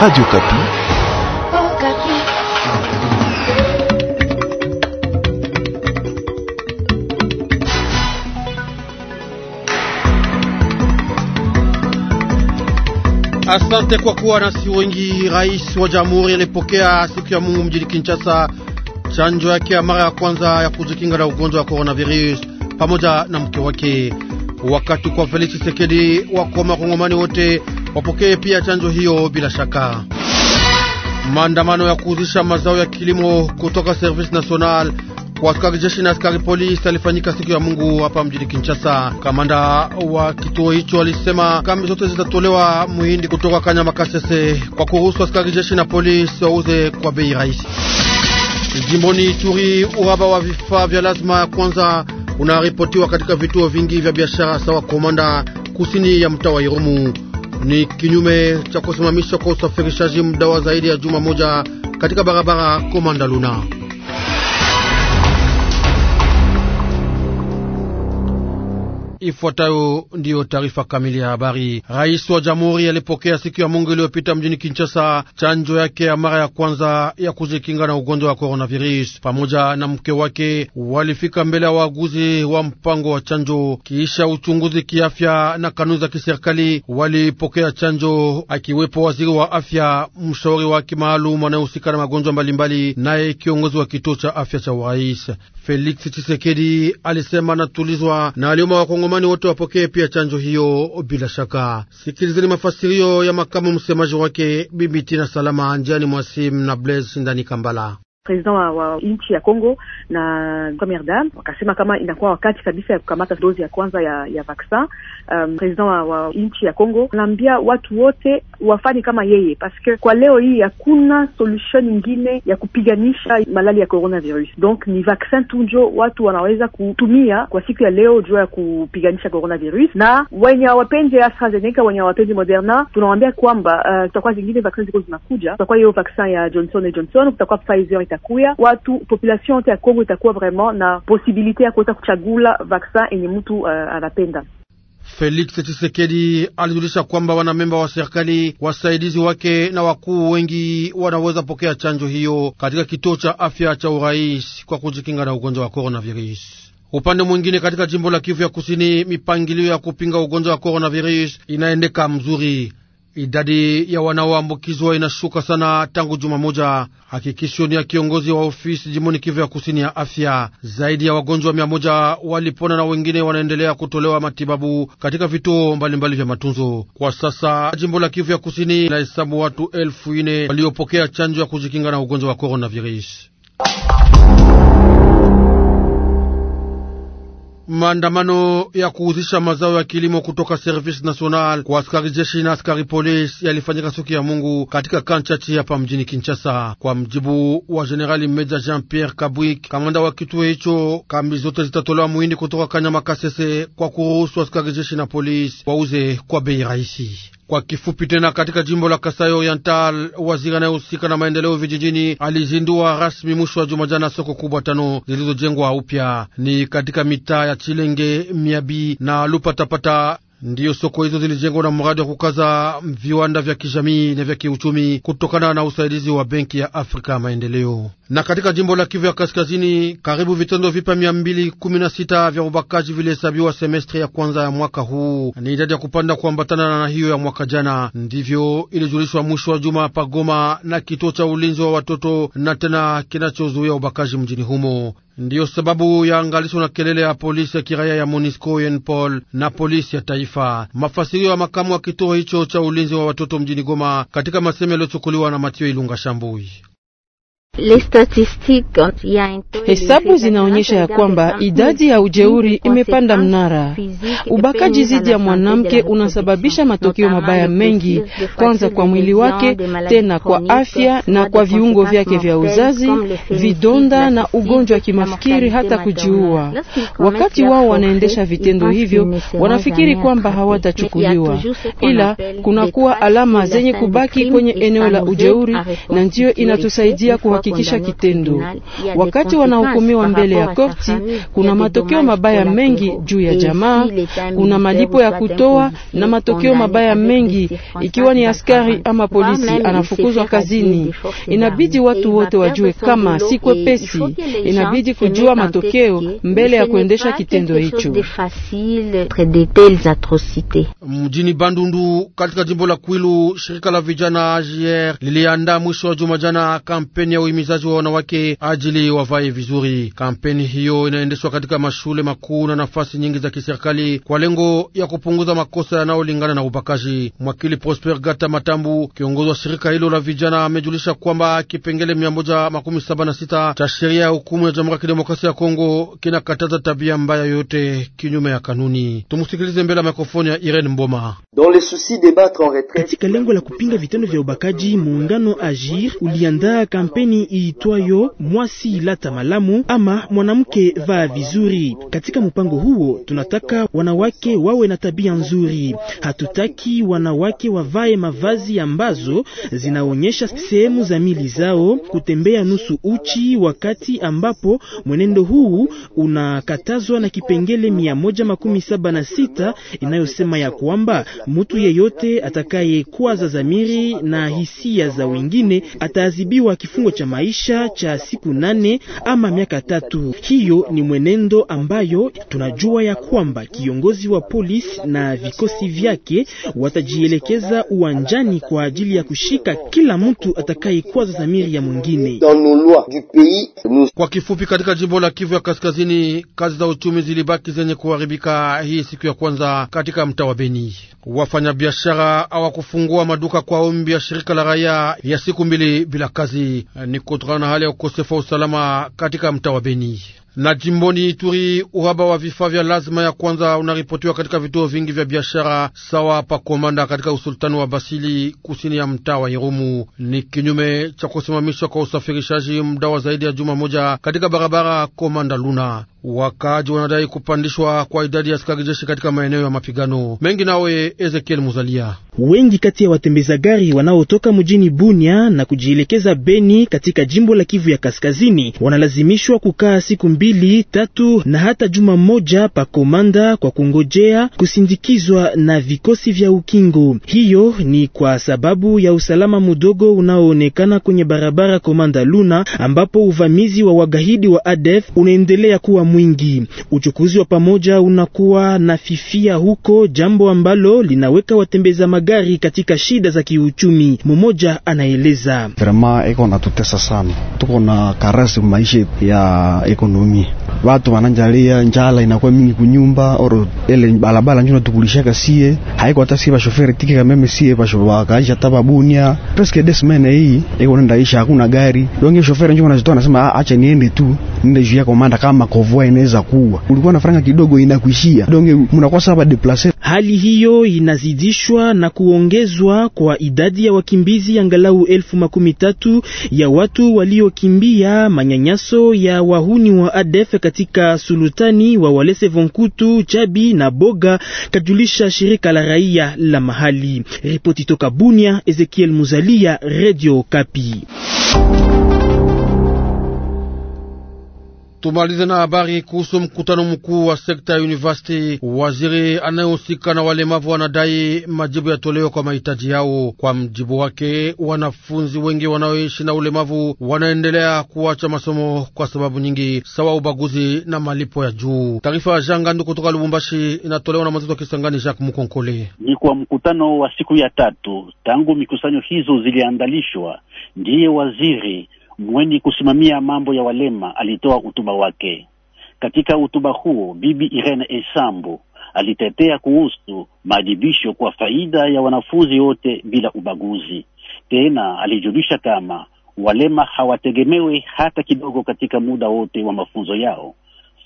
Radio Kapi. Oh, Kapi. Asante kwa kuwa nasi wengi. Rais wa Jamhuri alipokea siku ya Mungu mjini Kinshasa chanjo yake ya mara ya kwanza ya kujikinga na ugonjwa wa coronavirus pamoja na mke wake. Wakati kwa Felix Tshisekedi wa kwa makongomani wote wapokee pia chanjo hiyo bila shaka. Maandamano ya kuuzisha mazao ya kilimo kutoka Service National kwa askari jeshi na askari polisi alifanyika siku ya Mungu hapa mjini Kinshasa. Kamanda wa kituo hicho alisema kambi zote zitatolewa muhindi kutoka Kanyama Kasese kwa kuruhusu askari jeshi na polisi wauze kwa bei rahisi. Jimboni Ituri, uhaba wa vifaa vya lazima ya kwanza unaripotiwa katika vituo vingi vya biashara sawa Komanda, kusini ya mtaa wa Irumu ni kinyume cha kusimamishwa kwa usafirishaji muda wa zaidi ya juma moja katika barabara Komanda Luna. Ifuatayo ndiyo taarifa kamili ya habari. Rais wa jamhuri alipokea siku ya Mungu iliyopita mjini Kinshasa chanjo yake ya mara ya kwanza ya kujikinga na ugonjwa wa coronavirus. Pamoja na mke wake walifika mbele ya waaguzi wa mpango wa chanjo. Kisha uchunguzi kiafya na kanuni za kiserikali, walipokea chanjo, akiwepo waziri wa afya, mshauri wake maalum anayehusika na magonjwa mbalimbali, naye kiongozi wa kituo cha afya cha urais Felix Tshisekedi alisema anatulizwa na alioma Wakongomani wote wapokee pia chanjo hiyo bila shaka. Sikilizeni mafasirio ya makamu msemaji wake Bibi Tina Salama njiani mwa simu na Blaise ndani Kambala president wa nchi ya Kongo na premier dame wakasema kama inakuwa wakati kabisa ya kukamata dozi ya kwanza ya, ya vaksin. Um, president wa, wa nchi ya Kongo anaambia watu wote wafani kama yeye, paske kwa leo hii hakuna solution nyingine ya kupiganisha malali ya coronavirus, donc ni vaksin tu njo watu wanaweza kutumia kwa siku ya leo juu ya kupiganisha coronavirus. Na wenye wapenzi AstraZeneca, wenye wapenzi Moderna, tunawaambia kwamba uh, tutakuwa zingine vaksin ziko zinakuja, tutakuwa hiyo vaccin ya Johnson Johnson, tutakuwa Pfizer itakuya, watu population yote ya Kongo itakuwa vraiment na posibilite ya kuweza kuchagula vaksin yenye mtu uh, anapenda. Felix Tshisekedi alijulisha kwamba wanamemba wa serikali, wasaidizi wake na wakuu wengi wanaweza pokea chanjo hiyo katika kituo cha afya cha urais kwa kujikinga na ugonjwa wa coronavirus. Upande mwingine, katika jimbo la Kivu ya Kusini, mipangilio ya kupinga ugonjwa wa coronavirus inaendeka mzuri. Idadi ya wanaoambukizwa inashuka sana tangu juma moja. Hakikisho ni ya kiongozi wa ofisi jimboni Kivu ya kusini ya afya. Zaidi ya wagonjwa mia moja walipona na wengine wanaendelea kutolewa matibabu katika vituo mbalimbali vya matunzo. Kwa sasa jimbo la Kivu ya kusini inahesabu watu elfu ine waliopokea chanjo ya kujikinga na ugonjwa wa coronavirus. Maandamano ya kuuzisha mazao ya kilimo kutoka Service National kwa askari jeshi na askari polisi yalifanyika siku ya Mungu katika kanchachi hapa mjini Kinshasa. Kwa mjibu wa Generali Meja Jean Pierre Kabwik, kamanda wa kituo hicho, kambi zote zitatolewa muhindi kutoka Kanyama Kasese kwa kuruhusu askari jeshi na polisi wauze kwa bei rahisi. Kwa kifupi tena, katika jimbo la Kasai Oriental, waziri anayehusika na maendeleo vijijini alizindua rasmi mwisho wa juma jana soko kubwa tano zilizojengwa upya ni katika mitaa ya Chilenge, Miabi na Lupatapata. Ndiyo soko hizo zilijengwa na mradi wa kukaza viwanda vya kijamii na vya kiuchumi kutokana na usaidizi wa Benki ya Afrika ya Maendeleo na katika jimbo la Kivu ya Kaskazini, karibu vitendo vipya mia mbili kumi na sita vya ubakaji vilihesabiwa semestre ya kwanza ya mwaka huu, ni idadi ya kupanda kuambatana na hiyo ya mwaka jana. Ndivyo ilijulishwa mwisho wa juma pa Goma na kituo cha ulinzi wa watoto na tena kinachozuia ubakaji mjini humo. Ndiyo sababu ya angalisho na kelele ya polisi ya kiraia ya Monisco Yenpol na polisi ya taifa. Mafasirio ya makamu wa kituo hicho cha ulinzi wa watoto mjini Goma katika maseme yaliyochukuliwa na Matio Ilunga Shambui. Hesabu zinaonyesha ya kwamba idadi ya ujeuri imepanda mnara. Ubakaji dhidi ya mwanamke unasababisha matokeo mabaya mengi, kwanza kwa mwili wake, tena kwa afya na kwa viungo vyake vya uzazi, vidonda na ugonjwa wa kimafikiri, hata kujiua. Wakati wao wanaendesha vitendo hivyo, wanafikiri kwamba hawatachukuliwa, ila kunakuwa alama zenye kubaki kwenye eneo la ujeuri, na ndiyo inatusaidia kwa kuhakikisha kitendo. Wakati wanahukumiwa mbele ya korti, kuna matokeo mabaya mengi juu ya jamaa, kuna malipo ya kutoa na matokeo mabaya mengi, ikiwa ni askari ama polisi anafukuzwa kazini. Inabidi watu wote wajue kama si kwepesi, inabidi kujua matokeo mbele ya kuendesha kitendo hicho. Mjini Bandundu katika jimbo la Kwilu, shirika la vijana AJR liliandaa mwisho wa juma jana kampeni ya uhimizaji wa wanawake ajili wavae vizuri. Kampeni hiyo inaendeshwa katika mashule makuu na nafasi nyingi za kiserikali kwa lengo ya kupunguza makosa yanayolingana na ubakaji. Mwakili Prosper Gata Matambu, kiongozi wa shirika hilo la vijana, amejulisha kwamba kipengele sita cha sheria ya hukumu ya Jamhuri ya Kidemokrasia ya Kongo kinakataza tabia mbaya yoyote kinyume ya kanuni. Tumusikilize mbele ya mikrofoni ya Irene Mboma. Katika lengo la kupinga vitendo vya ubakaji, muungano Agir uliandaa kampeni iitwayo Mwasi lata malamu ama mwanamke vaa vizuri. Katika mpango huo, tunataka wanawake wawe na tabia nzuri. Hatutaki wanawake wavae mavazi ambazo zinaonyesha sehemu za mili zao, kutembea nusu uchi, wakati ambapo mwenendo huu unakatazwa na kipengele 176 inayosema ya kwamba Mutu yeyote atakayekwaza zamiri na hisia za wengine ataadhibiwa kifungo cha maisha cha siku nane ama miaka tatu. Hiyo ni mwenendo ambayo tunajua ya kwamba kiongozi wa polisi na vikosi vyake watajielekeza uwanjani kwa ajili ya kushika kila mtu atakayekwaza zamiri ya mwingine. Kwa kifupi, katika jimbo la Kivu ya Kaskazini, kazi za uchumi zilibaki zenye kuharibika hii siku ya kwanza katika mtaa wa Beni wafanyabiashara hawakufungua maduka kwa ombi ya shirika la raia ya siku mbili bila kazi, eh, ni kutokana na hali ya ukosefu wa usalama katika mtaa wa Beni. Na jimboni Ituri, uhaba wa vifaa vya lazima ya kwanza unaripotiwa katika vituo vingi vya biashara sawa pa Komanda katika usultani wa Basili kusini ya mtaa wa Irumu. Ni kinyume cha kusimamishwa kwa usafirishaji muda wa zaidi ya juma moja katika barabara Komanda Luna. Wakaaji wanadai kupandishwa kwa idadi ya askari jeshi katika maeneo ya mapigano mengi. Nawe Ezekiel Muzalia. Wengi kati ya watembeza gari wanaotoka mjini Bunia na kujielekeza Beni katika jimbo la Kivu ya Kaskazini wanalazimishwa kukaa siku mbili mbili, tatu na hata juma moja pa komanda kwa kungojea kusindikizwa na vikosi vya ukingo. Hiyo ni kwa sababu ya usalama mdogo unaoonekana kwenye barabara komanda Luna, ambapo uvamizi wa wagahidi wa ADF unaendelea kuwa mwingi. Uchukuzi wa pamoja unakuwa na fifia huko, jambo ambalo linaweka watembeza magari katika shida za kiuchumi. Mmoja anaeleza, vraiment iko natutesa sana, tuko na karasi maisha ya ekonomi kutumia watu wananjalia njala inakuwa mingi kunyumba oro ele balabala njuna tukulishaka sie haiko hata sie bashoferi tiki kama mimi sie bashobakaisha taba bunia presque des semaines hii iko nenda hakuna gari donge shoferi njuna anazitoa anasema ah, acha niende tu nende juu yako manda kama kovua inaweza kuwa ulikuwa na franga kidogo inakuishia donge mnakuwa saba deplacer hali hiyo inazidishwa na kuongezwa kwa idadi ya wakimbizi angalau elfu makumi tatu ya watu waliokimbia manyanyaso ya wahuni wa ADF katika sulutani wa Walese Vonkutu, Chabi na Boga, kajulisha shirika la raia la mahali. Ripoti toka Bunia, Ezekiel Muzalia, Radio Kapi. Tumalize na habari kuhusu mkutano mkuu wa sekta ya university. Waziri anayehusika na walemavu anadai majibu yatolewe kwa mahitaji yao. Kwa mjibu wake, wanafunzi wengi wanaoishi na ulemavu wanaendelea kuacha masomo kwa sababu nyingi sawa ubaguzi na malipo ya juu. Taarifa ya jangandu kutoka Lubumbashi inatolewa na mwenzetu wa Kisangani Jacques Mukonkole. Ni kwa mkutano wa siku ya tatu tangu mikusanyo hizo ziliandalishwa, ndiye waziri mwenye kusimamia mambo ya walema alitoa utuba wake. Katika utuba huo, Bibi Irene esambo alitetea kuhusu maadibisho kwa faida ya wanafunzi wote bila ubaguzi. Tena alijulisha kama walema hawategemewi hata kidogo katika muda wote wa mafunzo yao,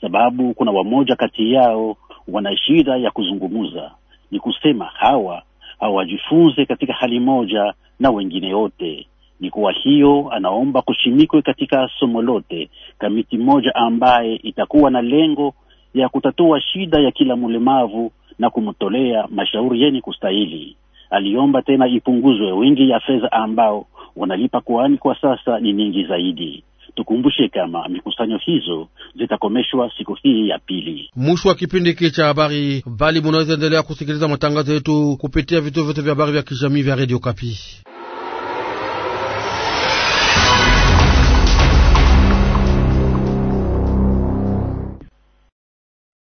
sababu kuna wamoja kati yao wana shida ya kuzungumza. Ni kusema hawa hawajifunze katika hali moja na wengine wote. Ni kuwa hiyo anaomba kushimikwe katika somo lote kamiti moja ambaye itakuwa na lengo ya kutatua shida ya kila mlemavu na kumtolea mashauri yenye kustahili. Aliomba tena ipunguzwe wingi ya fedha ambao wanalipa kwani kwa sasa ni nyingi zaidi. Tukumbushe kama mikusanyo hizo zitakomeshwa siku hii ya pili. Mwisho wa kipindi hiki cha habari, bali munaweza endelea kusikiliza matangazo yetu kupitia vituo vyote vya habari vya kijamii vya Radio Kapi.